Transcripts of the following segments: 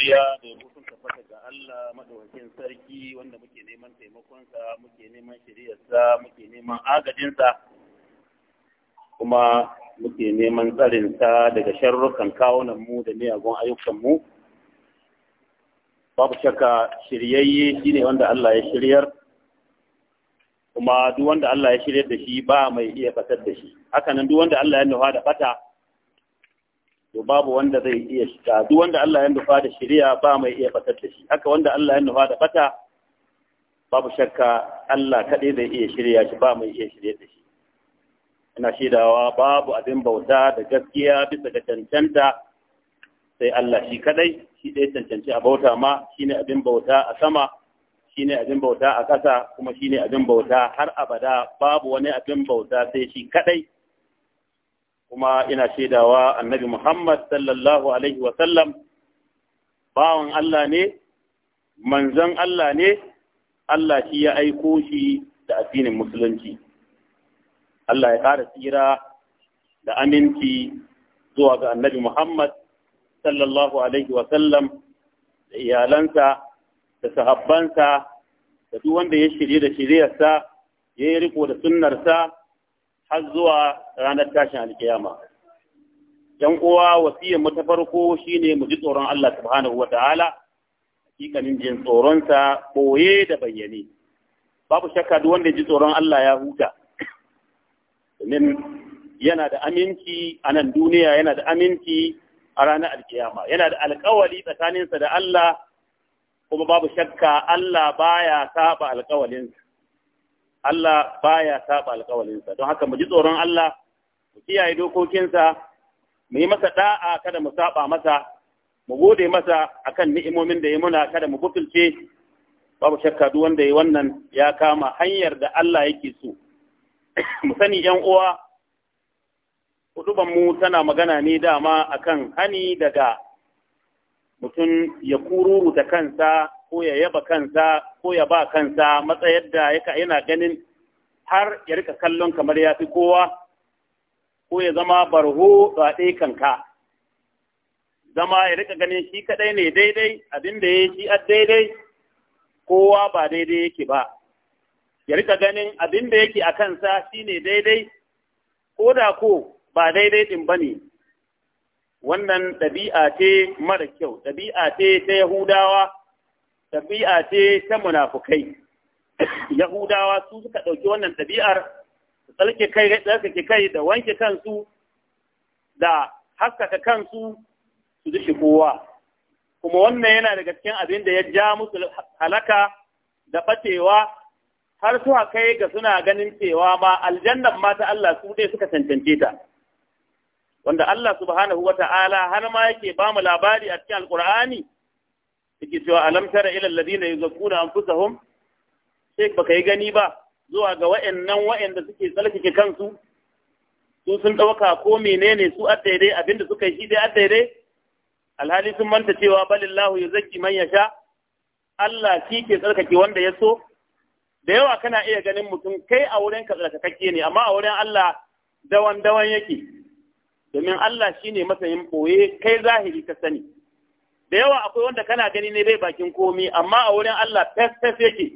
godiya da yabo sun tabbata ga Allah madaukakin sarki wanda muke neman taimakonsa muke neman shiriyarsa muke neman agajinsa kuma muke neman tsarinsa daga sharrukan kawunan mu da miyagun ayyukan mu babu shakka shiryayye shine wanda Allah ya shiryar kuma duk wanda Allah ya shiryar da shi ba mai iya fatar da shi haka nan duk wanda Allah ya nufa da bata to babu wanda zai iya shiga duk wanda Allah ya nufa da shari'a ba mai iya fatar da shi haka wanda Allah ya nufa da fata babu shakka Allah kaɗai zai iya shirya shi ba mai iya shirya da shi ina shaidawa babu abin bauta da gaskiya bisa ga cancanta sai Allah shi kadai shi dai cancanci a bauta ma shine abin bauta a sama shine abin bauta a kasa, kuma shine abin bauta har abada babu wani abin bauta sai shi kadai. kuma ina shaidawa annabi Muhammad sallallahu alaihi wasallam bawan Allah ne, manzan Allah ne, Allah shi ya aiko shi da addinin musulunci. Allah ya ƙara tsira da aminci zuwa ga annabi Muhammad sallallahu alaihi wasallam da iyalansa da sahabbansa da duk wanda ya shirye da shiryarsa ya yi riko da sunnarsa har zuwa ranar tashin alkiyama yan uwa wasiyar mu ta farko shine mu ji tsoron Allah subhanahu wataala hakikanin jin tsoronsa boye da bayyane babu shakka duk wanda ji tsoron Allah ya huta domin yana da aminci a nan duniya yana da aminci a ranar alkiyama yana da alkawali tsakaninsa da Allah kuma babu shakka Allah baya saba alkawalinsa Allah baya saba alƙawalinsa don haka mu ji tsoron Allah mu kiyaye dokokinsa mu yi masa da'a kada mu saba masa mu gode masa akan ni'imomin da ya muna kada mu bukulce babu shakka duk wanda ya wannan ya kama hanyar da Allah yake so mu sani yan uwa kuduban mu tana magana ne dama akan hani daga mutum ya kururu da kansa ko ya yaba kansa ko ya ba kansa matsayar da yaka yana ganin har ya rika kallon kamar ya fi kowa ko ya zama barho ba kanka zama ya rika ganin shi kaɗai ne daidai abin da ya shi a daidai kowa ba daidai yake ba ya rika ganin abinda da yake a kansa shi ne daidai ko da ko ba daidai ɗin ba ne wannan ɗabi'a ce mara kyau ɗabi'a ce ta yahudawa tabi'a ce ta munafukai yahudawa su suka ɗauki wannan tabi'ar su tsalke kai kai da wanke kansu da haskaka kansu su ji kowa kuma wannan yana daga cikin abin da ya ja musu halaka da fatewa har su kai ga suna ganin cewa ma aljannan ma ta Allah su dai suka cancance ta wanda Allah subhanahu wata'ala har ma yake ba mu labari a cikin alkur'ani yake cewa alam tara ila alladhina yuzakkuna anfusahum sai baka yi gani ba zuwa ga wa'annan wa'anda suke tsarkake kansu su sun dauka ko menene su a daidai abinda suka yi shi dai a daidai alhali sun manta cewa balillahu yuzakki man yasha Allah shi ke tsarkake wanda ya so da yawa kana iya ganin mutum kai a wurin ka tsarkakakke ne amma a wurin Allah dawan dawan yake domin Allah shine masayin boye kai zahiri ka sani da yawa akwai wanda kana gani ne bai bakin komi amma a wurin Allah fes-fes yake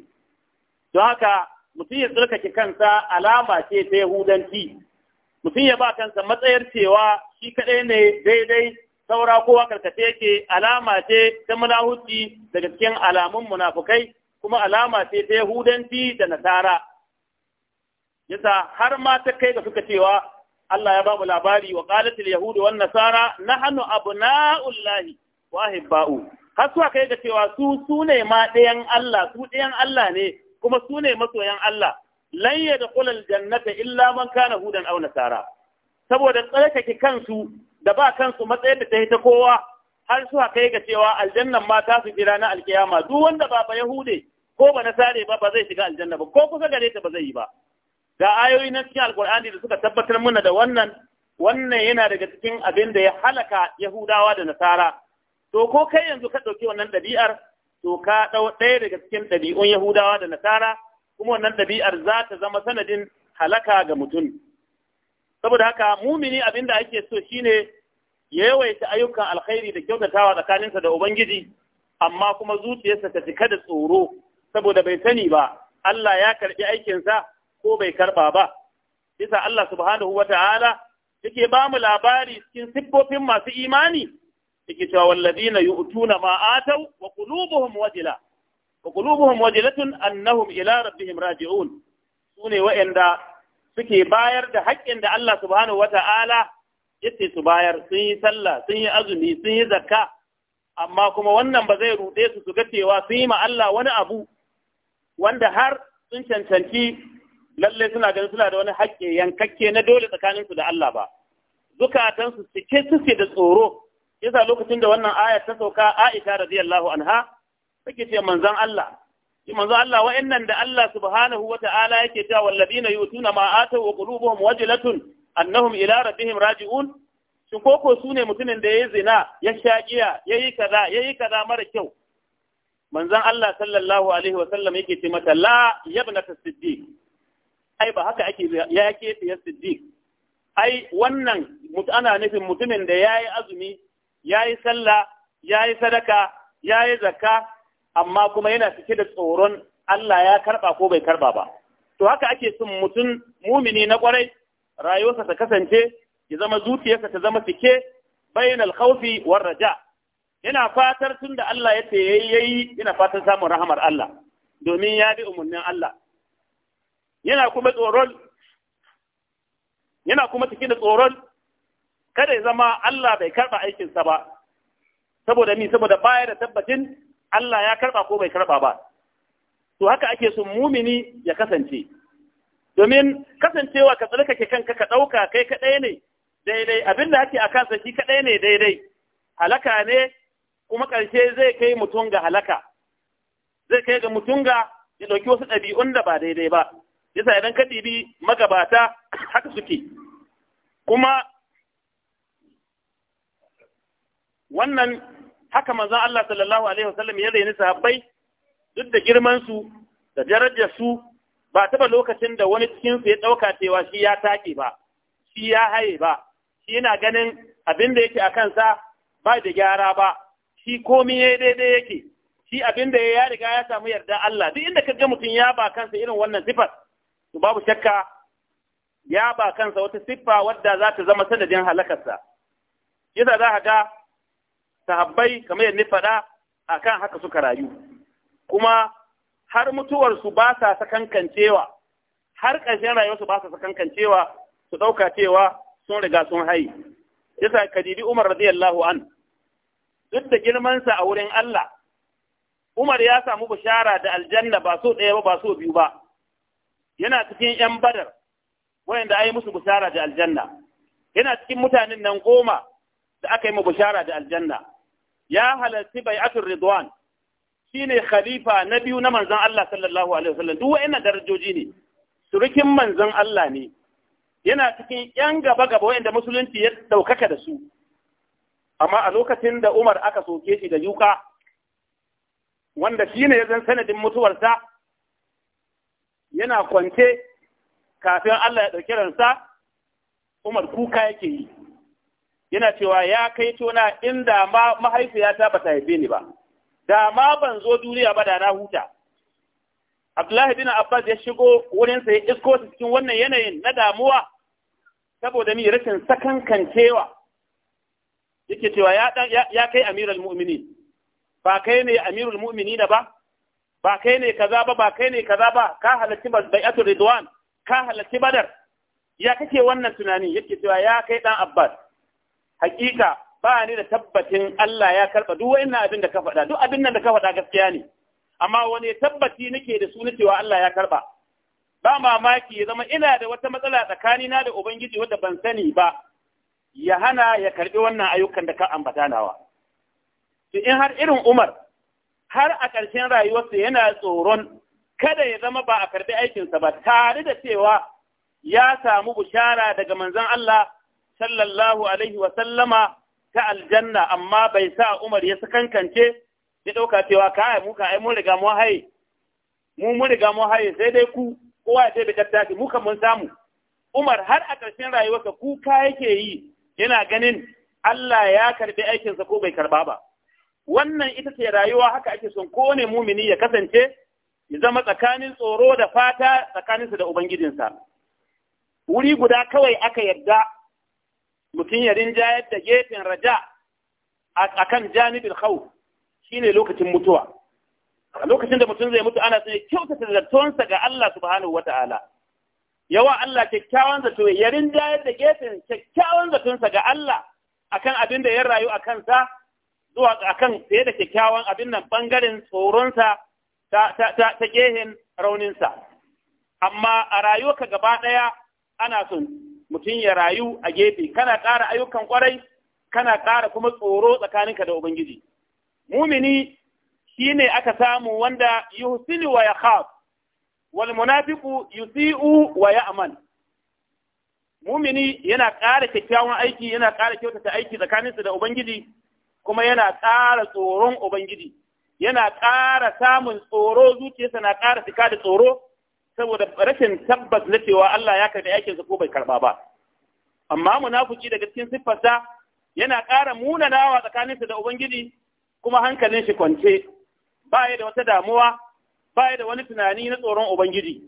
don haka mutum ya tsarkake kansa alama ce ta yahudanci mutum ya ba kansa matsayar cewa shi kaɗai ne daidai saura kowa karkace yake alama ce ta munahuci daga cikin alamun munafukai kuma alama ce ta yahudanci da nasara yasa har ma ta kai ga suka cewa Allah ya ba mu labari wa qalatil yahudu wan nasara nahnu abna'ullahi wa ba'u har suwa kai ga cewa su su ne ma ɗayan Allah su ɗayan Allah ne kuma su ne masoyan Allah lan yadkhul jannata illa man kana hudan aw nasara saboda tsarkake kansu da ba kansu matsayin da ta yi ta kowa har suwa kai ga cewa aljannan ma ta su jira na alkiyama duk wanda ba ba yahude ko ba nasare ba ba zai shiga aljanna ba ko kusa gare ta ba zai yi ba ga ayoyi na cikin alkur'ani da suka tabbatar mana da wannan wannan yana daga cikin abin da ya halaka yahudawa da nasara to ko kai yanzu ka ɗauki wannan ɗabi'ar to ka ɗau ɗaya daga cikin ɗabi'un Yahudawa da Nasara kuma wannan ɗabi'ar za ta zama sanadin halaka ga mutum saboda haka mumini abin da ake so shine ya yawaita ayyukan alkhairi da kyautatawa tsakaninsa da ubangiji amma kuma zuciyarsa ta cika da tsoro saboda bai sani ba Allah ya karbi aikinsa ko bai karɓa ba bisa Allah subhanahu wata'ala yake ba mu labari cikin siffofin masu imani yake cewa na yu'tuna ma ataw wa qulubuhum wajila wa qulubuhum wajilatun annahum ila rabbihim raji'un sune wa'anda suke bayar da haƙƙin da Allah subhanahu wata'ala yace su bayar sun yi sallah sun yi azumi sun yi zakka amma kuma wannan ba zai ruɗe su su ga cewa sun yi ma Allah wani abu wanda har sun cancanci lalle suna ganin suna da wani haƙƙi yankakke na dole tsakaninsu da Allah ba zukatansu suke suke da tsoro yasa lokacin da wannan aya ta sauka Aisha radiyallahu anha take ce manzon Allah shi manzon Allah wa'annan da Allah subhanahu wata'ala yake ta wallazina yutuna ma atau wa qulubuhum wajlatun annahum ila rabbihim raji'un shin koko sune mutumin da yayi zina ya shakiya yayi kaza yayi kaza mara kyau manzon Allah sallallahu alaihi wa sallam yake ce mata la yabnata siddiq ai ba haka ake ya ke ya siddiq ai wannan ana nufin mutumin da yayi azumi ya yi sallah ya yi sadaka ya yi zakka amma kuma yana cike da tsoron Allah ya karɓa ko bai karɓa ba to haka ake son mutum mumini na kwarai rayuwarsa ta kasance ya zama zuciyarsa ta zama cike bainal khawfi war raja yana fatar tunda Allah ya ce yayi yana fatan samun rahamar Allah domin ya bi umarnin Allah yana kuma tsoron yana kuma cikin da tsoron kada ya zama Allah bai karba aikinsa ba saboda ni saboda baya da tabbacin Allah ya karɓa ko bai karɓa ba to haka ake sun mumini ya kasance domin kasancewa ka tsarkake kanka ka ɗauka kai kaɗai ne daidai abin da ake a kansa shi kaɗai ne daidai halaka ne kuma ƙarshe zai kai mutum ga halaka zai kai ga mutum ga ya ɗauki wasu ɗabi'un da ba daidai ba yasa idan ka ɗibi magabata haka suke kuma wannan haka manzon Allah sallallahu alaihi wasallam ya raini sahabbai duk da girman su da darajar su ba taba lokacin da wani cikin su ya dauka cewa shi ya take ba shi ya haye ba shi yana ganin abin da yake a kansa ba da gyara ba shi komai ya daidai yake shi abin da ya riga ya samu yarda Allah duk inda kaga mutum ya ba kansa irin wannan sifar to babu shakka ya ba kansa wata siffa wadda za ta zama sanadin halakarsa yadda za ka ga sahabbai kamar yadda faɗa akan haka suka rayu kuma har mutuwarsu ba sa sakankancewa har ƙarshen rayuwarsu ba sa sakankancewa su ɗauka cewa sun riga sun hayi yasa kadidi umar radiyallahu an duk da girmansa a wurin Allah Umar ya samu bishara da aljanna ba so ɗaya ba ba so biyu ba yana cikin ‘yan badar wayanda ai musu bishara da aljanna yana cikin mutanen nan goma da aka yi mu bishara da aljanna ya halarci bai bai'atul ridwan ne khalifa na biyu na Manzan Allah sallallahu alaihi wasallam duk wa'annan darajoji ne surukin Manzan Allah ne yana cikin yan gaba gaba wa'anda musulunci ya ɗaukaka da su amma a lokacin da Umar aka soke shi da yuka wanda shine ya zan sanadin mutuwarsa yana kwance kafin Allah ya ɗauki ransa Umar kuka yake yi yana cewa ya kai tona inda ma mahaifiyata ba ta haife ni ba da ma ban zo duniya ba da na huta Abdullahi bin Abbas ya shigo wurin sai isko cikin wannan yanayin na damuwa saboda ni rashin sakankancewa yake cewa ya ya kai Amirul Mu'minin ba kai ne Amirul Mu'minin ba ba kai ne kaza ba ba kai ne kaza ba ka halarci bayatu Ridwan ka halarci Badar ya kake wannan tunani yake cewa ya kai dan Abbas hakika ba ni da tabbacin Allah ya karɓa duk wani abin da ka faɗa duk abin nan da ka faɗa gaskiya ne amma wani tabbaci nake da su cewa Allah ya karɓa ba mamaki ya zama ina da wata matsala tsakanina da ubangiji wadda ban sani ba ya hana ya karɓi wannan ayyukan da ka ambata nawa to in har irin Umar har a ƙarshen rayuwarsa yana tsoron kada ya zama ba a karɓi aikinsa ba tare da cewa ya samu bushara daga manzon Allah sallallahu alaihi wa sallama ta aljanna amma bai sa Umar ya sakankance ya ɗauka cewa kai mu ka ai mun riga mu haye mu mun riga mu haye sai dai ku kowa ya tafi tattaki mu kan mun samu Umar har a ƙarshen rayuwarsa kuka yake yi yana ganin Allah ya karbi aikinsa ko bai karba ba wannan ita ce rayuwa haka ake son ne mumini ya kasance ya zama tsakanin tsoro da fata tsakaninsa da ubangijinsa wuri guda kawai aka yarda mutum ya rinjayar da gefen raja a kan janibin hau shi ne lokacin mutuwa a lokacin da mutum zai mutu ana sai kyautata zatonsa ga Allah subhanahu wa ta'ala yawa Allah kyakkyawan zato ya rinjayar da gefen kyakkyawan zatonsa ga Allah akan abin da ya rayu a kansa zuwa akan fiye da kyakkyawan abin nan bangaren tsoronsa ta, ta, gehen rauninsa amma a ka gaba ɗaya ana son mutum ya rayu a gefe kana ƙara ayyukan ƙwarai kana ƙara kuma tsoro tsakaninka da ubangiji mumini ne aka samu wanda yuhsinu wa yakhaf wal munafiqu yusi'u wa ya'mal mumini yana ƙara kyakkyawan aiki yana ƙara kyautata aiki tsakaninsa da ubangiji kuma yana ƙara tsoron ubangiji yana ƙara samun tsoro zuciyarsa na ƙara fika da tsoro saboda rashin tabbas na cewa Allah ya karɓi aikinsa ko bai karɓa ba amma munafuki daga cikin siffarsa yana ƙara munanawa tsakaninsa da ubangiji kuma hankalin shi kwance ba ya da wata damuwa ba ya da wani tunani na tsoron ubangiji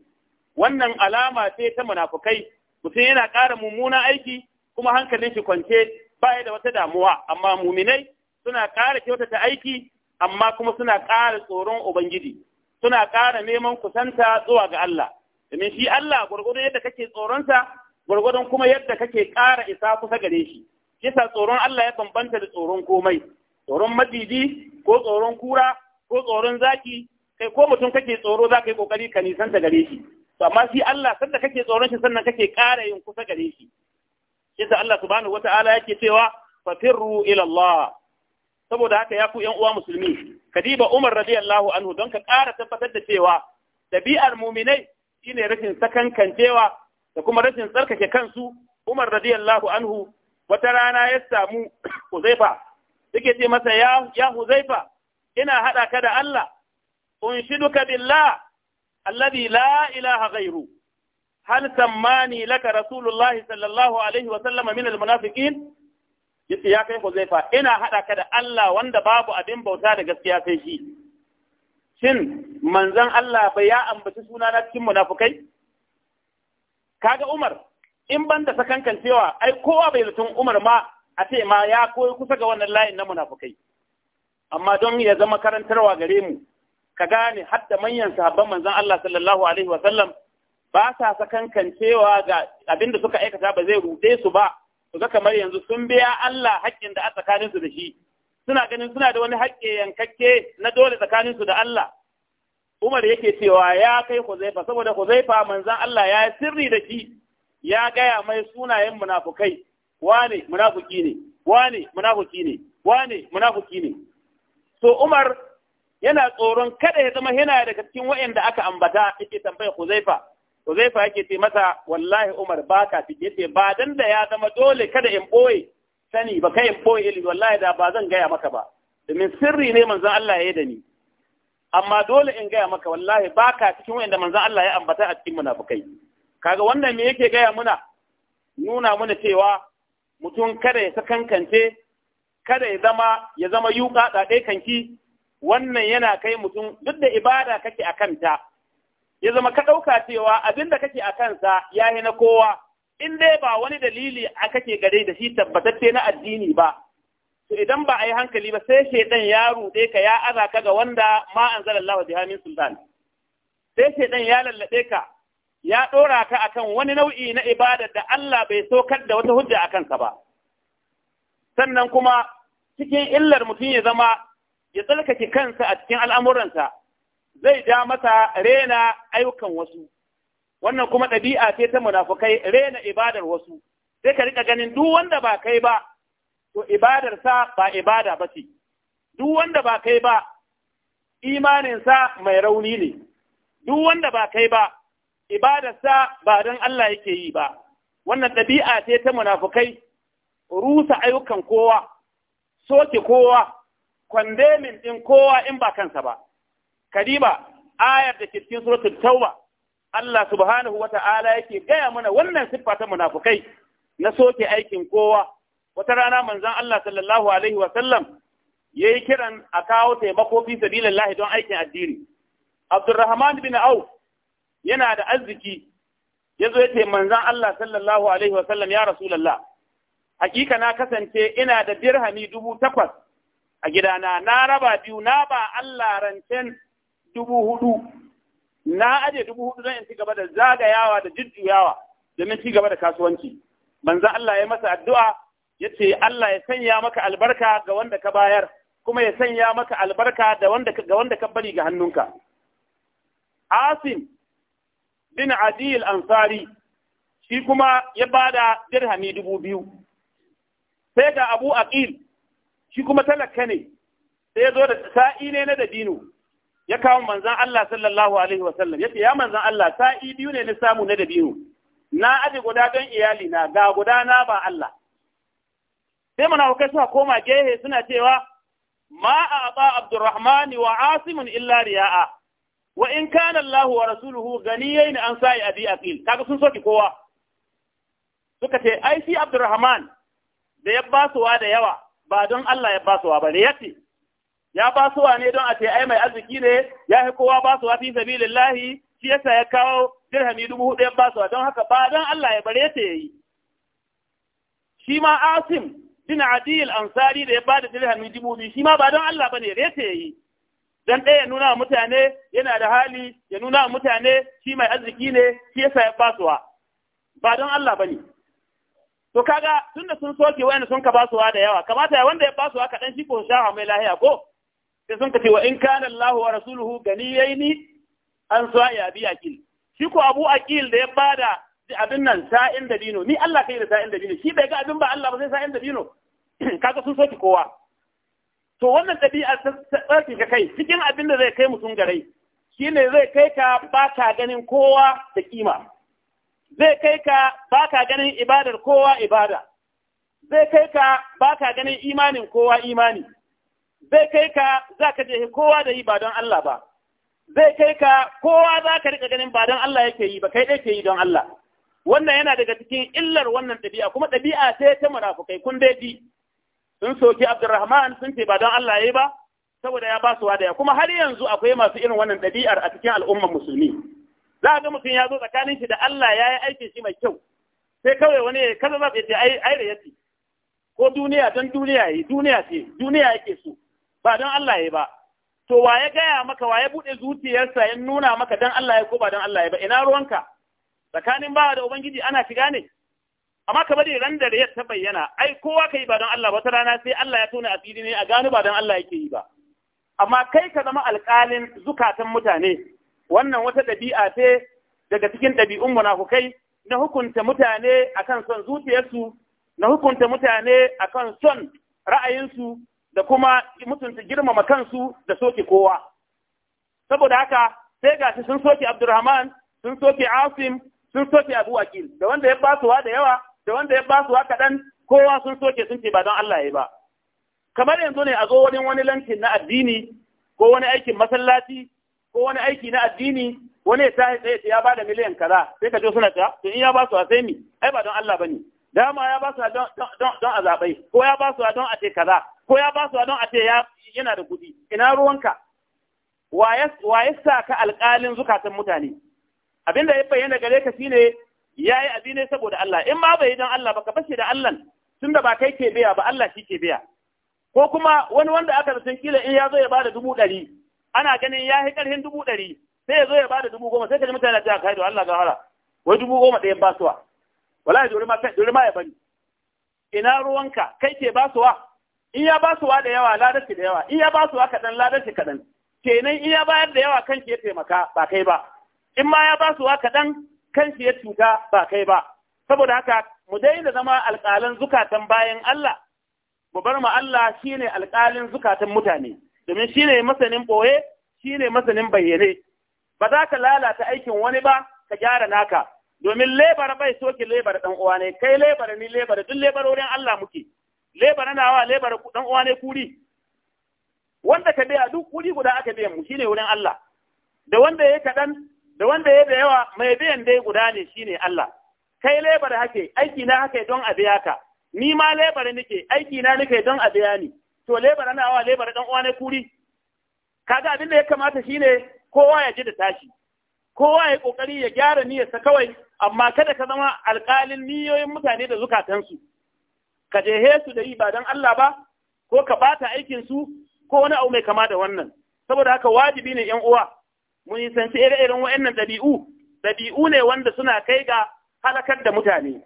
wannan alama ce ta munafukai mutum yana ƙara mummunan aiki kuma hankalin shi kwance ba ya da wata damuwa amma muminai suna ƙara kyautata aiki amma kuma suna ƙara tsoron ubangiji suna ƙara neman kusanta zuwa ga Allah domin shi Allah gwargwadon yadda kake tsoronsa gwargwadon kuma yadda kake ƙara isa kusa gare shi kisa tsoron Allah ya bambanta da tsoron komai tsoron madidi ko tsoron kura ko tsoron zaki kai ko mutum kake tsoro za ka yi kokari ka nisanta gare shi amma shi Allah sanda kake tsoron shi sannan kake ƙara yin kusa gare shi kisa Allah subhanahu wa ta'ala yake cewa fafirru ila Allah saboda haka ya ku yan uwa musulmi kadiba Umar radiyallahu anhu don ka ƙara tabbatar da cewa dabi'ar muminai shine rashin sakankancewa da kuma rashin tsarkake kansu Umar radiyallahu anhu wata rana ya samu Huzaifa yake ce masa ya Huzaifa ina haɗa ka da Allah unshiduka billah alladhi la ilaha ghairu hal sammani laka rasulullahi sallallahu alaihi wa sallama min almunafiqin yace ya kai Huzaifa ina hada ka da Allah wanda babu abin bauta da gaskiya sai shi shin manzon Allah bai ya ambaci suna na cikin munafukai kaga Umar in ban da sakankan cewa ai kowa bai zaton Umar ma a ce ma ya koyi kusa ga wannan layin na munafukai amma don ya zama karantarwa gare mu ka gane hadda manyan sahabban manzon Allah sallallahu alaihi wa sallam ba sa sakankan cewa ga abinda suka aikata ba zai rude su ba su ga kamar yanzu sun biya Allah haƙƙin da a tsakaninsu da shi suna ganin suna da wani haƙƙe yankakke na dole tsakaninsu da Allah Umar yake cewa ya kai Huzaifa saboda Huzaifa manzon Allah ya yi sirri da shi ya gaya mai sunayen munafukai wane munafuki ne wane munafuki ne wane munafuki ne so Umar yana tsoron kada ya zama yana daga cikin waɗanda aka ambata yake tambayar Huzaifa zai fa yake ce masa wallahi Umar ba ka fi yace ba dan da ya zama dole kada in boye sani ba kai in boye ilimi wallahi da ba zan gaya maka ba domin sirri ne manzon Allah ya yi da ni amma dole in gaya maka wallahi baka ka cikin wanda manzon Allah ya ambata a cikin munafukai kaga wannan me yake gaya muna nuna muna cewa mutum kada ya sakankance kada ya zama ya zama yuka kanki wannan yana kai mutum duk da ibada kake a kanta ya zama ka ɗauka cewa abin da kake a kansa ya yi na kowa in dai ba wani dalili a kake gare da shi tabbatacce na addini ba to idan ba a yi hankali ba sai shaidan ya ruɗe ka ya aza ka ga wanda ma an anzalallahu biha min sultan sai shaidan ya lallaɓe ka ya ɗora ka akan wani nau'i na ibadar da Allah bai saukar da wata hujja a kansa ba sannan kuma cikin illar mutum ya zama ya tsarkake kansa a cikin al'amuransa zai ja masa rena ayyukan wasu wannan kuma ɗabi'a ce ta munafukai rena ibadar wasu sai ka rika ganin duk wanda ba kai ba to ibadarsa ba ibada ba ce duk wanda ba kai ba imaninsa mai rauni ne duk wanda ba kai ba ibadarsa ba don Allah yake yi ba wannan ɗabi'a ce ta munafukai rusa ayyukan kowa soke kowa kwandemin ɗin kowa in ba kansa ba Karima, ayar da ke cikin suratul tauba Allah subhanahu wa ta'ala yake gaya mana wannan siffa ta munafukai na soke aikin kowa wata rana manzon Allah sallallahu alaihi wa sallam yayi kiran a kawo taimako fi sabilillahi don aikin addini Abdurrahman bin Auf yana da arziki ya zo ya ce manzon Allah sallallahu alaihi wa sallam ya rasulullah hakika na kasance ina da dirhami dubu takwas a gidana na raba biyu na ba Allah rancen dubu hudu na aje dubu hudu don in ci gaba da zagayawa da jujjuyawa domin ci gaba da kasuwanci manzo Allah ya masa addu'a ya ce Allah ya sanya maka albarka ga wanda ka bayar kuma ya sanya maka albarka da wanda ga wanda ka bari ga hannunka Asim bin al Ansari shi kuma ya bada dirhami dubu biyu sai ga Abu Aqil shi kuma talaka ne sai ya zo da sa'ine ne na dabino ya kawo manzan Allah sallallahu alaihi wasallam yace ya manzan Allah sa'i biyu ne na samu na dabiru na aje guda don iyali na ga guda na ba Allah sai kai suka koma gehe suna cewa ma a'ta Abdurrahman wa asimun illa riya'a wa in kana Allah wa rasuluhu ni an sa'i abi aqil kaga sun soki kowa suka ce ai shi Abdurrahman da ya basuwa da yawa ba don Allah ya basuwa ba ne yace ya basuwa ne don a ce ai mai arziki ne ya fi kowa ba su wa fi lillahi shi yasa ya kawo dirhami dubu hudu ya basuwa don haka ba don Allah ya bare ta yayi shi ma Asim bin Adil ansari da ya bada dirhami dubu biyu shi ma ba don Allah bane ya ta yayi dan ɗaya nuna wa mutane yana da hali ya nuna wa mutane shi mai arziki ne shi yasa ya basuwa ba don Allah bane to kaga tunda sun soke wayanda sun ka basuwa da yawa kamata wanda ya basuwa kaɗan shi ko sha mai lahiya ko sai sun kace wa in kana Allahu wa rasuluhu ganiyaini an so ya bi akil shi ko Abu Akil da ya bada abin nan sa'in da dino ni Allah kai da sa'in da dino shi bai ga abin ba Allah ba sai sa'in da dino kaga sun soki kowa to wannan ɗabi'a ta tsarki ka kai cikin abin da zai kai mutum garai shine zai kai ka ba ka ganin kowa da kima zai kai ka ba ka ganin ibadar kowa ibada zai kai ka ba ka ganin imanin kowa imani zai kai ka za ka je kowa da yi ba don Allah ba zai kai ka kowa za ka rika ganin ba don Allah yake yi ba kai ɗaya ke yi don Allah wannan yana daga cikin illar wannan ɗabi'a kuma ɗabi'a ce ta munafukai kun dai sun soki Abdurrahman sun ce ba don Allah yi ba saboda ya ba su wadaya kuma har yanzu akwai masu irin wannan ɗabi'ar a cikin al'ummar musulmi za a ga mutum ya zo tsakanin shi da Allah ya yi aikin shi mai kyau sai kawai wani ya kaza za ce ai ai da yaki? ko duniya don duniya yi duniya ce duniya yake so ba don Allah ya ba to wa ya gaya maka wa ya buɗe zuciyarsa ya nuna maka don Allah ya ko ba don Allah ya ba ina ruwanka tsakanin bawa da ubangiji ana shiga ne amma ka bari ran da ya ta bayyana ai kowa ka yi ba don Allah wata rana sai Allah ya tona asiri ne a gano ba don Allah yake yi ba amma kai ka zama alƙalin zukatan mutane wannan wata ɗabi'a ce daga cikin ɗabi'un munafukai na hukunta mutane akan son zuciyarsu na hukunta mutane akan son ra'ayinsu da kuma mutunta girmama kansu da soke kowa saboda haka sai gashi sun soke Abdurrahman sun soke Asim sun soke Abu Akil da wanda ya basuwa da yawa da wanda ya basuwa kaɗan kowa sun soke sun ce ba don Allah ya ba kamar yanzu ne a zo wani wani lantin na addini ko wani aikin masallaci ko wani aiki na addini wani ya tashi tsaye ya bada miliyan kaza sai ka je suna ta to in ya basu a sai mi ai ba don Allah bane dama ya basu su don don a zaɓai, ko ya basu su don a ce kaza ko ya ba su don a ce yana da kuɗi ina ruwanka wa ya sa ka alƙalin zukatan mutane abinda ya bayyana gare ka shine ya yi abi ne saboda Allah in ma bai yi don Allah ba ka fashe da Allah tun da ba kai ke biya ba Allah shi ke biya ko kuma wani wanda aka zaton kila in ya zo ya bada dubu ɗari ana ganin ya yi ƙarfin dubu ɗari sai ya zo ya bada dubu goma sai ka ji mutane ta kai da Allah hara. wai dubu goma ɗayan basuwa wallahi dole ma ya bani ina ruwanka kai ke basuwa in ya ba su wa da yawa ladar da yawa in ba su wa kaɗan ladar kaɗan kenan in bayar da yawa kan shi ya taimaka ba kai ba in ma ya ba su wa kaɗan kan ya cuta ba kai ba saboda haka mu daina zama alƙalin zukatan bayan Allah mu bar mu Allah shine alƙalin zukatan mutane domin shine masanin boye shine masanin bayyane ba za ka lalata aikin wani ba ka gyara naka domin lebar bai soke lebar dan uwa ne kai lebar ni lebar duk lebarorin Allah muke leba na nawa leba da dan uwa ne kuri wanda ka biya duk kuri guda aka biya mu shine wurin Allah da wanda ya kadan da wanda ya da yawa mai biyan dai guda ne shine Allah kai leba da hake aiki na hake don a biya ka ni ma leba nake aiki na nake don a biya ni to leba na nawa leba da dan uwa ne kuri kaga abin da ya kamata shine kowa ya ji da tashi kowa ya kokari ya gyara niyyarsa kawai amma kada ka zama alƙalin niyoyin mutane da zukatansu ka je Hesu da yi ba don Allah ba ko ka bata aikin su ko wani abu mai kama da wannan saboda haka wajibi ne yan uwa mun yi sanci ire-iren wayannan ɗabi'u ɗabi'u ne wanda suna kai ga halakar da mutane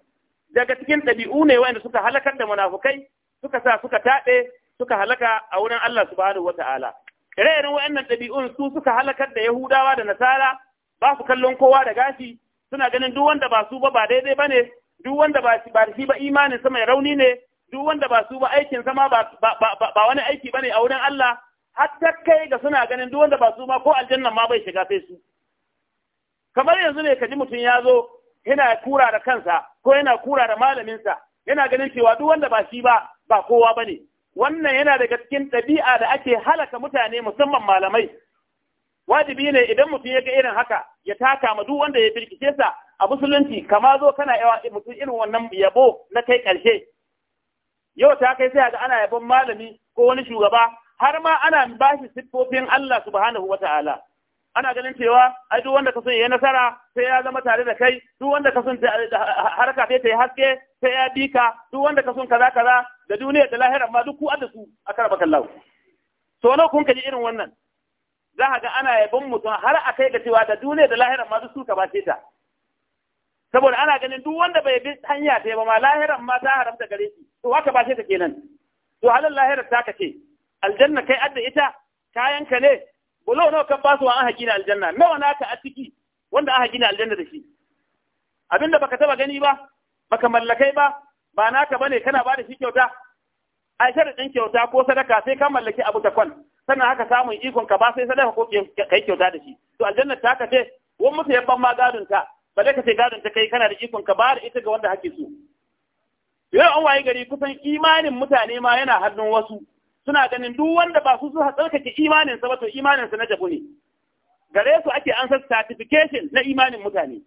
daga cikin ɗabi'u ne wayanda suka halakar da munafukai suka sa suka taɓe, suka halaka a wurin Allah subhanahu wata'ala ire-iren wayannan ɗabi'un su suka halakar da Yahudawa da Nasara ba su kallon kowa da gashi suna ganin duk wanda ba su ba ba daidai bane duk wanda ba ba shi ba imanin sa mai rauni ne duk wanda ba su ba aikin sama ba ba wani aiki bane a wurin Allah hatta kai ga suna ganin duk wanda ba su ma ko aljanna ma bai shiga sai su kamar yanzu ne kaji mutum ya zo yana kura da kansa ko yana kura da malaminsa yana ganin cewa duk wanda ba shi ba ba kowa bane wannan yana daga cikin ɗabi'a da ake halaka mutane musamman malamai wajibi ne idan mutum ya ga irin haka ya taka ma duk wanda ya birkice sa a musulunci kama zo kana yawa mutum irin wannan yabo na kai ƙarshe yau ta kai sai ga ana yabon malami ko wani shugaba har ma ana bashi siffofin Allah subhanahu wa ta'ala ana ganin cewa ai duk wanda ka son ya nasara sai ya zama tare da kai duk wanda ka son harka sai ta yi haske sai ya bi ka duk wanda ka son kaza kaza da duniya da lahira ma duk ku da su a karba kallahu so nawa kun kaji irin wannan za ka ga ana yabon mutum har a kai ga cewa da duniya da lahira ma duk su ka bace ta saboda ana ganin duk wanda bai bi hanya ta ba ma lahiran ma ta haramta gare shi to haka ba sai ta kenan to halal lahirar ta kace aljanna kai adda ita kayan ka ne bulo nawa ka basu an haƙi na aljanna nawa naka a ciki wanda an na aljanna da shi abinda baka taba gani ba baka mallakai ba ba naka bane kana ba da shi kyauta ai ɗan kyauta ko sadaka sai ka mallaki abu ta kwan sannan haka samun ikon ka ba sai sadaka ko kai kyauta da shi to aljanna ta kace wani mutu ya ma gadon ba ka ce gadon ta kai kana da ikon ka bayar ita ga wanda hake so yau an waye gari kusan imanin mutane ma yana hannun wasu suna ganin duk wanda ba su su tsarkake imanin sa ba to imanin sa na jabu ne gare su ake an san certification na imanin mutane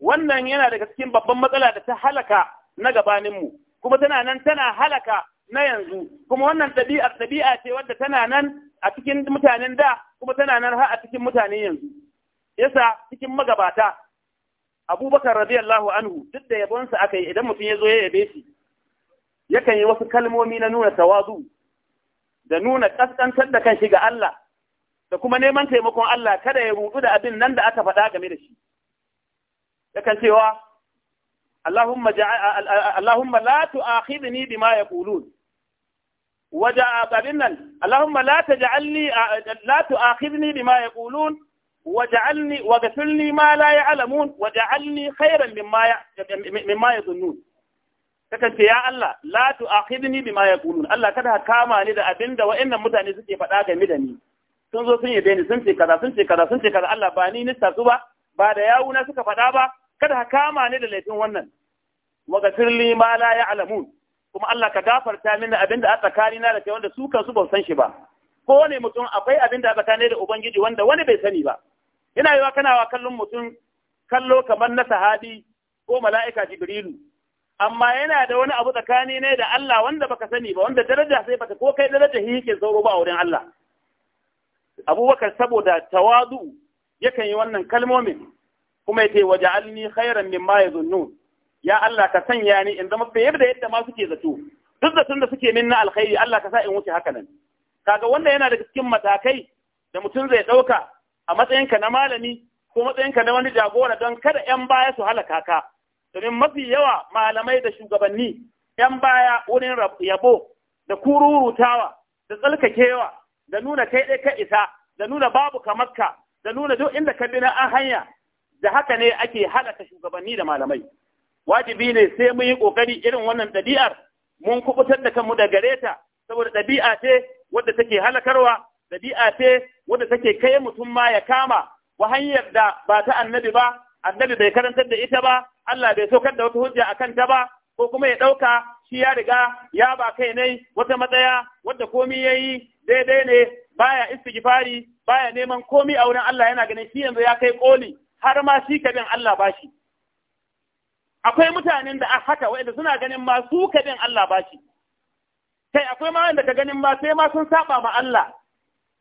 wannan yana daga cikin babban matsala da ta halaka na gabanin mu kuma tana nan tana halaka na yanzu kuma wannan ɗabi'ar ɗabi'a ce wadda tana nan a cikin mutanen da kuma tana nan har a cikin mutanen yanzu yasa cikin magabata abubakar radiyallahu anhu duk da yabonsa aka yi idan mutum ya zo ya yabe shi yakan yi wasu kalmomi na nuna tawazu da nuna kaskantar da kanshi ga Allah da kuma neman taimakon Allah kada ya rudu da abin nan da aka faɗa game da shi yakan cewa Allahumma Allahumma la tu'akhidni bima yaqulun waja abin nan Allahumma la taj'alni la tu'akhidni bima waj'alni waghfir li ma la ya'lamun waj'alni khairan mimma mimma yadhunnun kakan ce ya Allah la tu'akhidni bima yaqulun Allah kada ka kama ni da abinda wa'annan mutane suke faɗa game da ni sun zo sun yabe ni sun ce kaza sun ce kaza sun ce kaza Allah ba ni nista su ba ba da yawuna suka faɗa ba kada ka kama ni da laifin wannan waghfir li ma la ya'lamun kuma Allah ka gafarta mini abinda a tsakanina da kai wanda su kansu ba san shi ba kowane mutum akwai abinda a tsakanin da ubangiji wanda wani bai sani ba yana yiwa kana wa kallon mutum kallo kamar na sahabi ko mala'ika jibrilu amma yana da wani abu tsakani ne da Allah wanda baka sani ba wanda daraja sai baka ko kai daraja yake sauro ba a wurin Allah abubakar saboda tawadu yakan yi wannan kalmomin kuma ya ce waje khairan mimma yazunnun ya Allah ka sanya ni in zama fiye da yadda ma suke zato duk da da suke min na alkhairi Allah ka sa in wuce haka nan kaga wanda yana da cikin matakai da mutum zai dauka a matsayinka na malami ko matsayinka na wani jagora don kada 'yan baya su halaka ka domin mafi yawa malamai da shugabanni 'yan baya wurin yabo da kururutawa da tsalkakewa da nuna kai ɗai ka isa da nuna babu kamar ka da nuna duk inda ka bi an hanya da haka ne ake halaka shugabanni da malamai wajibi ne sai mun yi ƙoƙari irin wannan ɗabi'ar mun kubutar da kanmu da gare ta saboda ɗabi'a ce wadda take halakarwa ɗabi'a ce wadda take kai mutum ma ya kama wa hanyar da ba ta annabi ba annabi bai karantar da ita ba Allah bai saukar da wata hujja akan ta ba ko kuma ya ɗauka shi ya riga ya ba kai ne wata matsaya wadda komi ya yi daidai ne baya istighfari baya neman komi a wurin Allah yana ganin shi yanzu ya kai koli har ma shi ka bin Allah bashi akwai mutanen da haka wanda suna ganin ma su ka bin Allah bashi kai akwai ma wanda ka ganin ma sai ma sun saba ma Allah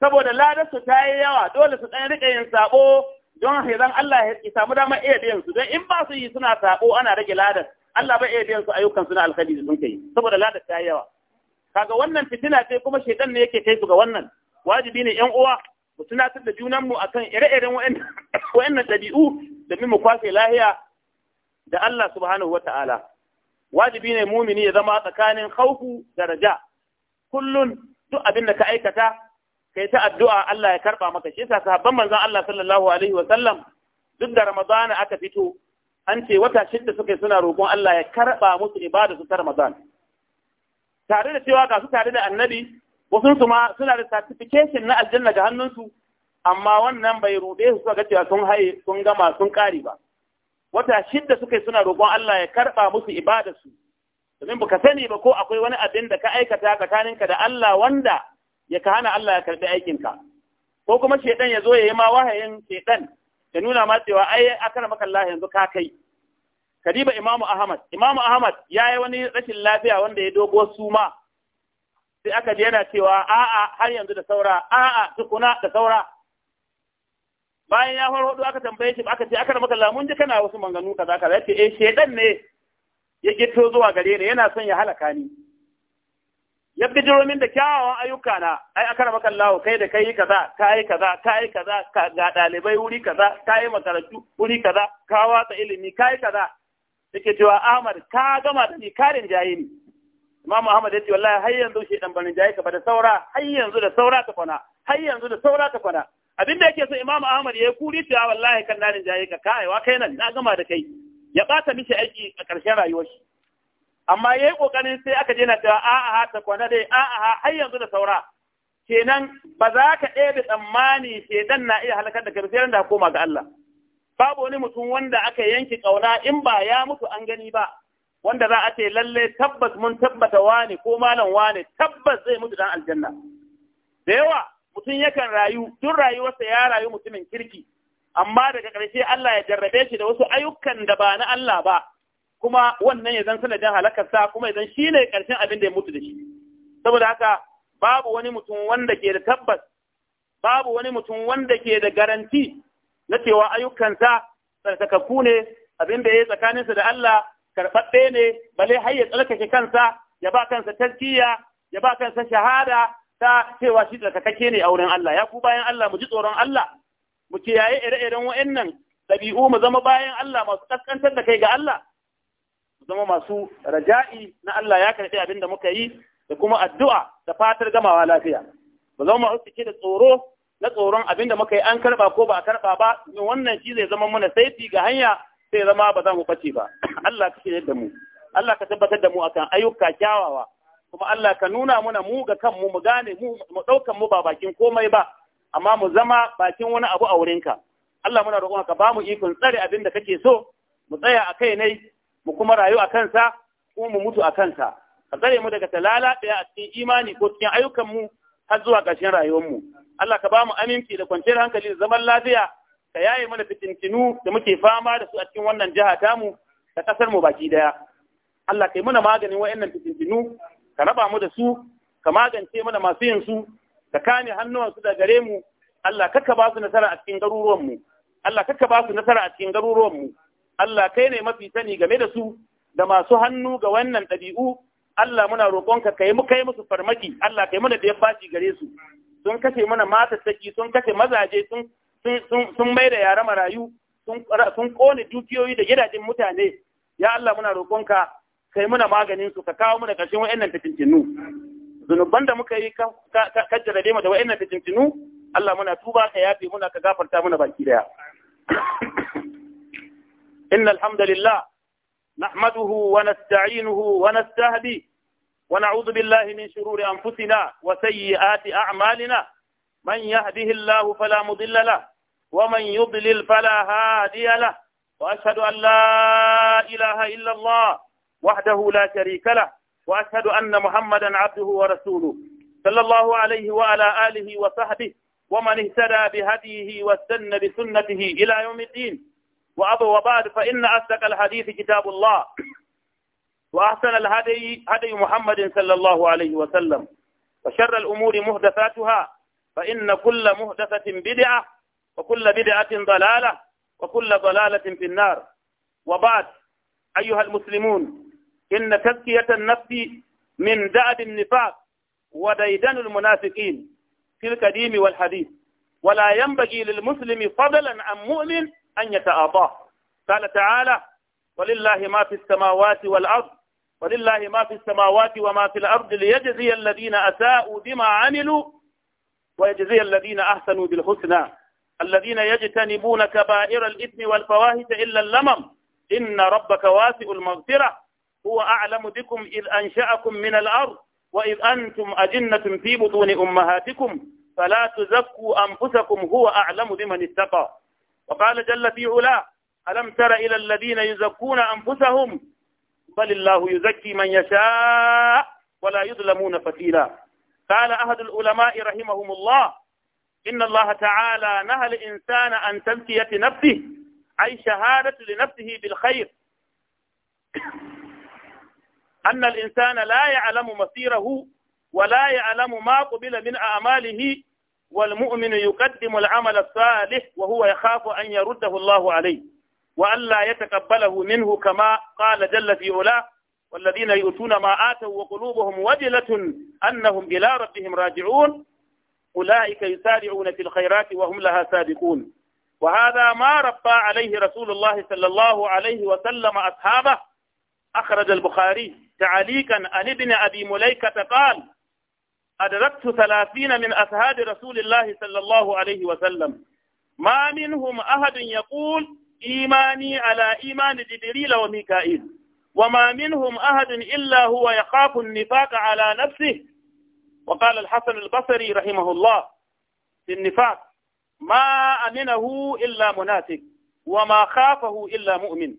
saboda ladarsu ta yi yawa dole su ɗan riƙa yin saɓo don hizan Allah ya samu damar iya biyan su don in ba su yi suna saɓo ana rage ladar Allah ba iya biyan su ayyukan suna alkhairi da sun yi. saboda ladar ta yi yawa kaga wannan fitina ce kuma shedan ne yake kai su ga wannan wajibi ne ƴan uwa mu tunatar da junan mu akan ire-iren wa'annan ɗabi'u da mu kwashe lahiya da Allah subhanahu wa ta'ala wajibi ne mumini ya zama tsakanin khaufu da raja kullun duk abin da ka aikata kai ta addu'a Allah ya karba maka shi yasa sahabban manzon Allah sallallahu alaihi wa duk da Ramadan aka fito an ce wata shidda suka suna roƙon Allah ya karba musu ibada su ta Ramadan tare da cewa ga su tare da annabi wasu su ma suna da certification na aljanna ga hannunsu amma wannan bai ruɗe su suka ga cewa sun haye sun gama sun kare ba wata shidda suka suna roƙon Allah ya karɓa musu ibada ibadarsu domin baka sani ba ko akwai wani abin da ka aikata tsakaninka da Allah wanda ya ka hana Allah ya karɓi aikinka ko kuma shedan ya zo ya yi ma wahayin shedan ya nuna ma cewa ai akara maka Allah yanzu ka kai kadiba imamu ahmad imamu ahmad ya yi wani rashin lafiya wanda ya dogo suma sai aka ji yana cewa a'a har yanzu da saura a'a tukuna da saura bayan ya hudu aka tambaye shi aka ce aka maka mun ji kana wasu manganu kaza kaza yace eh shedan ne ya gito zuwa gare ni yana son ya halaka ni ya bijiro min da kyawawan ayyuka na ai akara maka Allah kai da kai kaza kai kaza kai kaza ga dalibai wuri kaza kai makarantu wuri kaza ka watsa ilimi kai kaza yake cewa Ahmad ka gama da ni karin jayi ne Imam Ahmad yace wallahi har yanzu shi dan barin jayi ka da saura har yanzu da saura ta kwana har yanzu da saura ta kwana abin da yake so Imam Ahmad ya kuri cewa wallahi kan narin jayi ka kai wa kai nan na gama da kai ya bata mishi aiki a ƙarshen rayuwar shi amma ya yi ƙoƙarin sai aka je na cewa a'a ta kwana dai a'a har yanzu da saura kenan ba za ka ɗebe tsammani shaidan na iya halakar da kai sai da koma ga Allah babu wani mutum wanda aka yanke ƙauna in ba ya mutu an gani ba wanda za a ce lalle tabbas mun tabbata wani ko malam wani tabbas zai mutu dan aljanna da yawa mutum yakan rayu duk rayuwarsa ya rayu mutumin kirki amma daga ƙarshe Allah ya jarrabe shi da wasu ayyukan da ba na Allah ba kuma wannan ya zan sanadin halakarsa kuma ya zan shi ne ƙarshen abin da ya mutu da shi saboda haka babu wani mutum wanda ke da tabbas babu wani mutum wanda ke da garanti na cewa ayyukansa tsarkakakku ne abin da ya yi tsakaninsa da Allah karɓaɓɓe ne bale har ya tsarkake kansa ya ba kansa tazkiya ya ba kansa shahada ta cewa shi tsarkakakke ne a wurin Allah ya ku bayan Allah mu ji tsoron Allah mu kiyaye ire-iren wa'annan ɗabi'u mu zama bayan Allah masu ƙasƙantar da kai ga Allah su zama masu raja'i na Allah ya karɓi abin da muka yi da kuma addu'a da fatar gamawa lafiya ba zama masu cike da tsoro na tsoron abin da muka yi an karɓa ko ba a karɓa ba domin wannan shi zai zama mana saifi ga hanya sai zama ba za mu bace ba Allah ka shirya da mu Allah ka tabbatar da mu akan ayyuka kyawawa kuma Allah ka nuna mana mu ga kanmu mu gane mu mu ɗaukan mu ba bakin komai ba amma mu zama bakin wani abu a wurinka Allah muna roƙon ka ba mu ikon tsare abin da kake so mu tsaya a kai ne mu kuma rayu a kansa ko mu mutu a kansa a tsare mu daga talala ɗaya a cikin imani ko cikin ayyukan mu har zuwa ƙarshen rayuwar mu Allah ka ba mu aminci da kwanciyar hankali da zaman lafiya ka yaye mana fitintinu da muke fama da su a cikin wannan jiha tamu da ƙasar mu baki daya Allah kai mana maganin wayannan fitintinu ka raba mu da su ka magance mana masu yin su ka kame su da gare mu Allah kakka ba su nasara a cikin garuruwan mu Allah kakka ba su nasara a cikin garuruwan mu Allah kai ne mafi sani game da su da masu hannu ga wannan ɗabi'u Allah muna roƙonka ka yi kai musu farmaki Allah kai muna da ya baci gare su sun kashe mana matattaki sun kashe mazaje sun sun mai da yara marayu sun kone dukiyoyi da gidajen mutane ya Allah muna roƙonka kai muna maganin su ka kawo muna ƙarshen wa'annan fitintinu zunuban da muka yi ka jarabe mu da wa'annan fitintinu Allah muna tuba ka yafe muna ka gafarta muna baki daya إن الحمد لله نحمده ونستعينه ونستهدي ونعوذ بالله من شرور أنفسنا وسيئات أعمالنا من يهده الله فلا مضل له ومن يضلل فلا هادي له وأشهد أن لا إله إلا الله وحده لا شريك له وأشهد أن محمدا عبده ورسوله صلى الله عليه وعلى آله وصحبه ومن اهتدى بهديه واستنى بسنته إلى يوم الدين وأبو وبعد فإن أصدق الحديث كتاب الله وأحسن الهدي هدي محمد صلى الله عليه وسلم وشر الأمور محدثاتها فإن كل محدثة بدعة وكل بدعة ضلالة وكل ضلالة في النار وبعد أيها المسلمون إن تزكية النفس من دأب النفاق وديدن المنافقين في القديم والحديث ولا ينبغي للمسلم فضلا عن مؤمن أن يتآباه قال تعالى ولله ما في السماوات والأرض ولله ما في السماوات وما في الأرض ليجزي الذين أساءوا بما عملوا ويجزي الذين أحسنوا بالحسنى الذين يجتنبون كبائر الإثم والفواهد إلا اللمم إن ربك واسع المغفرة هو أعلم بكم إذ أنشأكم من الأرض وإذ أنتم أجنة في بطون أمهاتكم فلا تزكوا أنفسكم هو أعلم بمن اتقى وقال جل في علاه ألم تر إلى الذين يزكون أنفسهم بل الله يزكي من يشاء ولا يظلمون فتيلا قال أحد العلماء رحمهم الله إن الله تعالى نهى الإنسان أن تزكية نفسه أي شهادة لنفسه بالخير أن الإنسان لا يعلم مصيره ولا يعلم ما قبل من أعماله والمؤمن يقدم العمل الصالح وهو يخاف أن يرده الله عليه وألا يتقبله منه كما قال جل في علاه والذين يؤتون ما آتوا وقلوبهم وجلة أنهم إلى ربهم راجعون أولئك يسارعون في الخيرات وهم لها سابقون وهذا ما ربى عليه رسول الله صلى الله عليه وسلم أصحابه أخرج البخاري تعليقا عن ابن أبي مليكة قال أدركت ثلاثين من أصحاب رسول الله صلى الله عليه وسلم ما منهم أحد يقول إيماني على إيمان جبريل وميكائيل وما منهم أحد إلا هو يخاف النفاق على نفسه وقال الحسن البصري رحمه الله في النفاق ما أمنه إلا منافق وما خافه إلا مؤمن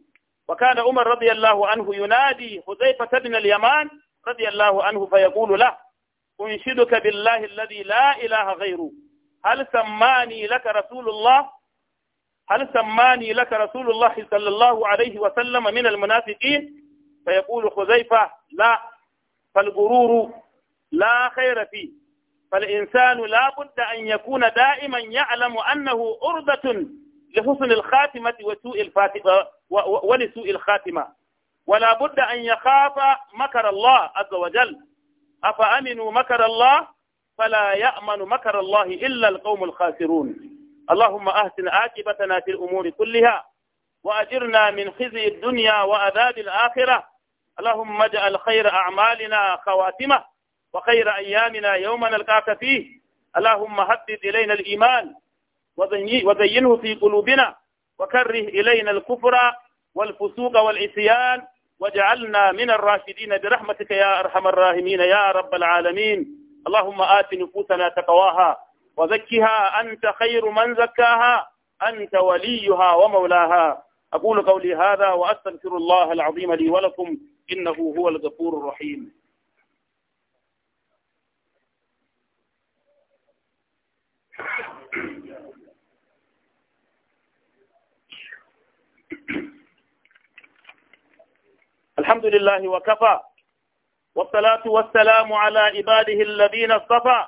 وكان عمر رضي الله عنه ينادي حذيفة بن اليمان رضي الله عنه فيقول له أنشدك بالله الذي لا إله غيره هل سماني لك رسول الله هل سماني لك رسول الله صلى الله عليه وسلم من المنافقين فيقول خزيفة لا فالغرور لا خير فيه فالإنسان لا بد أن يكون دائما يعلم أنه أرضة لحسن الخاتمة وسوء الفاتمة ولسوء الخاتمة ولا بد أن يخاف مكر الله عز وجل أفأمنوا مكر الله فلا يأمن مكر الله إلا القوم الخاسرون اللهم أحسن عاقبتنا في الأمور كلها وأجرنا من خزي الدنيا وعذاب الآخرة اللهم اجعل خير أعمالنا خواتمة وخير أيامنا يوم نلقاك فيه اللهم هدد إلينا الإيمان وزينه في قلوبنا وكره إلينا الكفر والفسوق والعصيان وجعلنا من الراشدين برحمتك يا أرحم الراحمين يا رب العالمين اللهم آت نفوسنا تقواها وزكها أنت خير من زكاها أنت وليها ومولاها أقول قولي هذا وأستغفر الله العظيم لي ولكم إنه هو الغفور الرحيم الحمد لله وكفى والصلاة والسلام على عباده الذين اصطفى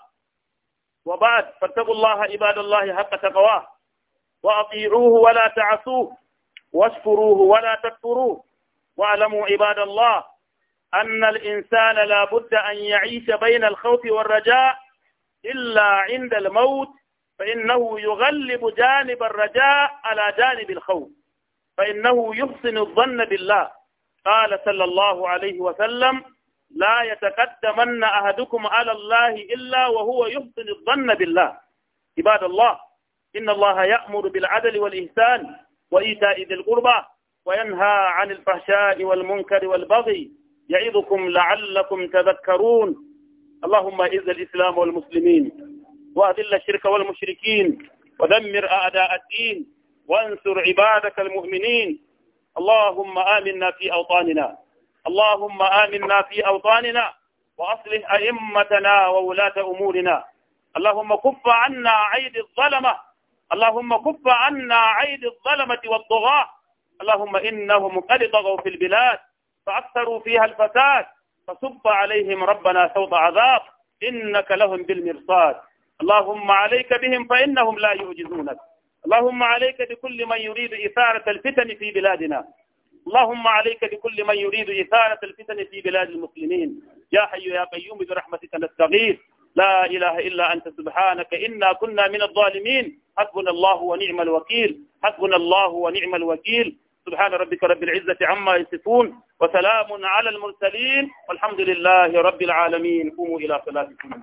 وبعد فاتقوا الله عباد الله حق تقواه وأطيعوه ولا تعصوه واشكروه ولا تكفروه واعلموا عباد الله أن الإنسان لا بد أن يعيش بين الخوف والرجاء إلا عند الموت فإنه يغلب جانب الرجاء على جانب الخوف فإنه يحسن الظن بالله قال صلى الله عليه وسلم لا يتقدمن أحدكم على الله إلا وهو يحسن الظن بالله عباد الله إن الله يأمر بالعدل والإحسان وإيتاء ذي القربى وينهى عن الفحشاء والمنكر والبغي يعظكم لعلكم تذكرون اللهم إذ الإسلام والمسلمين وأذل الشرك والمشركين ودمر أعداء الدين وانصر عبادك المؤمنين اللهم آمنا في أوطاننا اللهم آمنا في أوطاننا وأصلح أئمتنا وولاة أمورنا اللهم كف عنا عيد الظلمة اللهم كف عنا عيد الظلمة والطغاة اللهم إنهم قد طغوا في البلاد فأكثروا فيها الفساد فصب عليهم ربنا سوط عذاب إنك لهم بالمرصاد اللهم عليك بهم فإنهم لا يعجزونك اللهم عليك بكل من يريد إثارة الفتن في بلادنا اللهم عليك بكل من يريد إثارة الفتن في بلاد المسلمين يا حي يا قيوم برحمتك نستغيث لا إله إلا أنت سبحانك إنا كنا من الظالمين حسبنا الله ونعم الوكيل حسبنا الله ونعم الوكيل سبحان ربك رب العزة عما يصفون وسلام على المرسلين والحمد لله رب العالمين قوموا إلى صلاتكم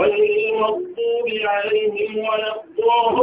غير المغضوب عليهم ولا الضالين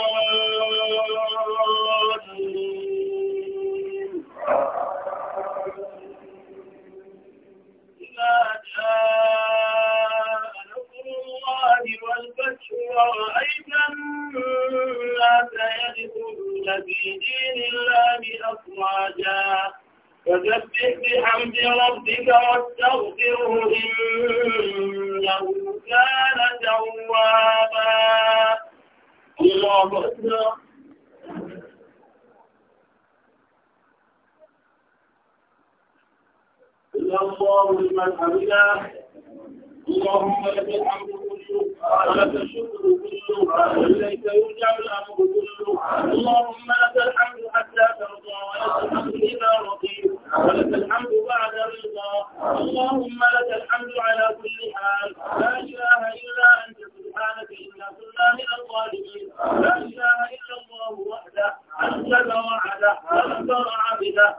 ورأيت الناس يدخلون في دين الله أفواجا فسبح بحمد ربك واستغفره إنه كان توابا الله أكبر الله لمن حمده اللهم لك الحمد كله ولك الشكر كله واليك يرجع الامر كله اللهم لك الحمد حتى ترضى ولك الحمد اذا رضيت ولك الحمد بعد رضا اللهم لك الحمد على كل حال لا اله الا انت سبحانك انا كنا من الظالمين لا اله الا الله وحده انزل وعده انكر عبده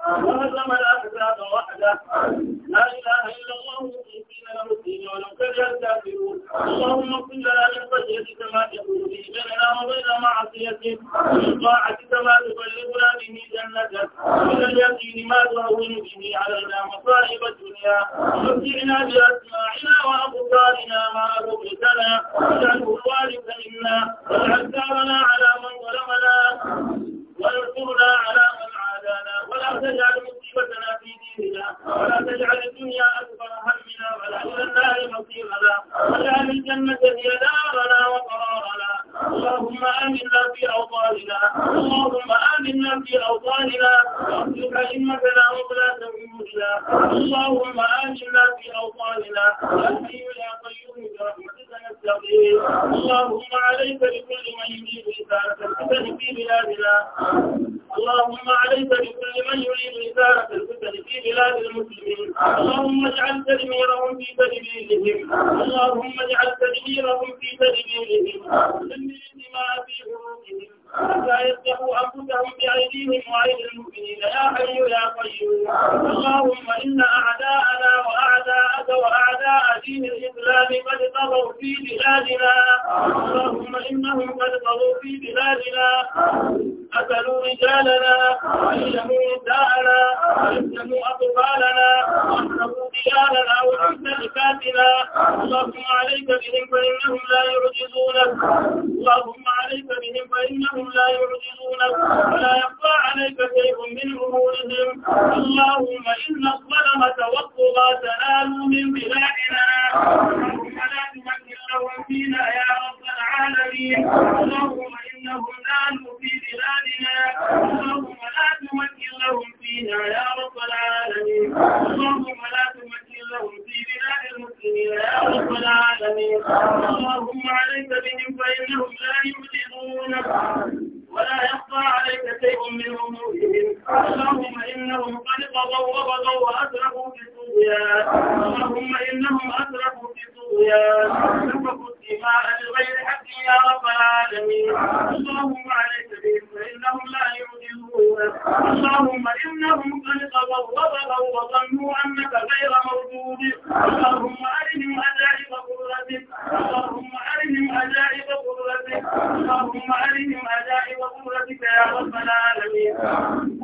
اللهم عليهم عجائب قدرتك يا رب العالمين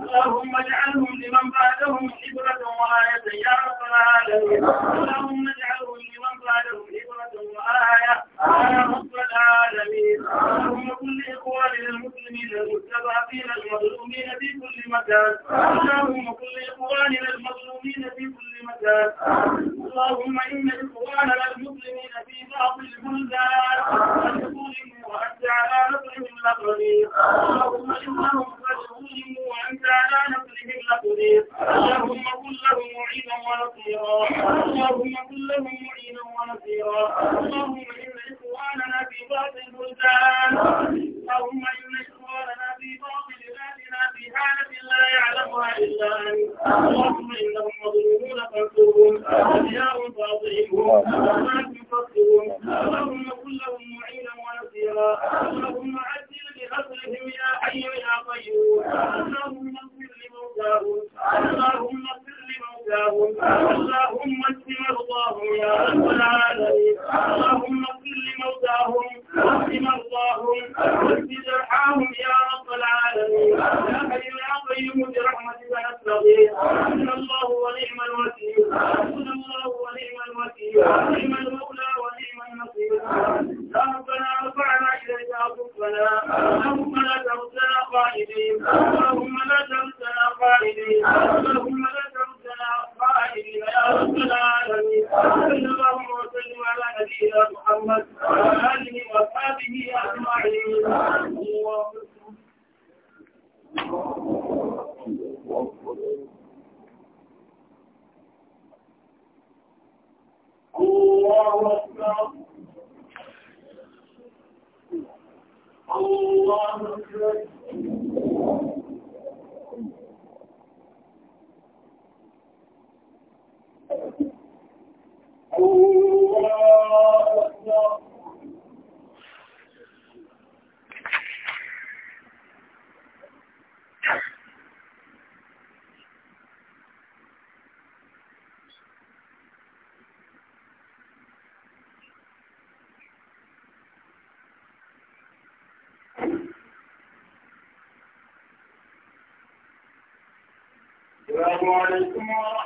اللهم اجعلهم لمن بعدهم عبرة وآية يا رب العالمين Allah.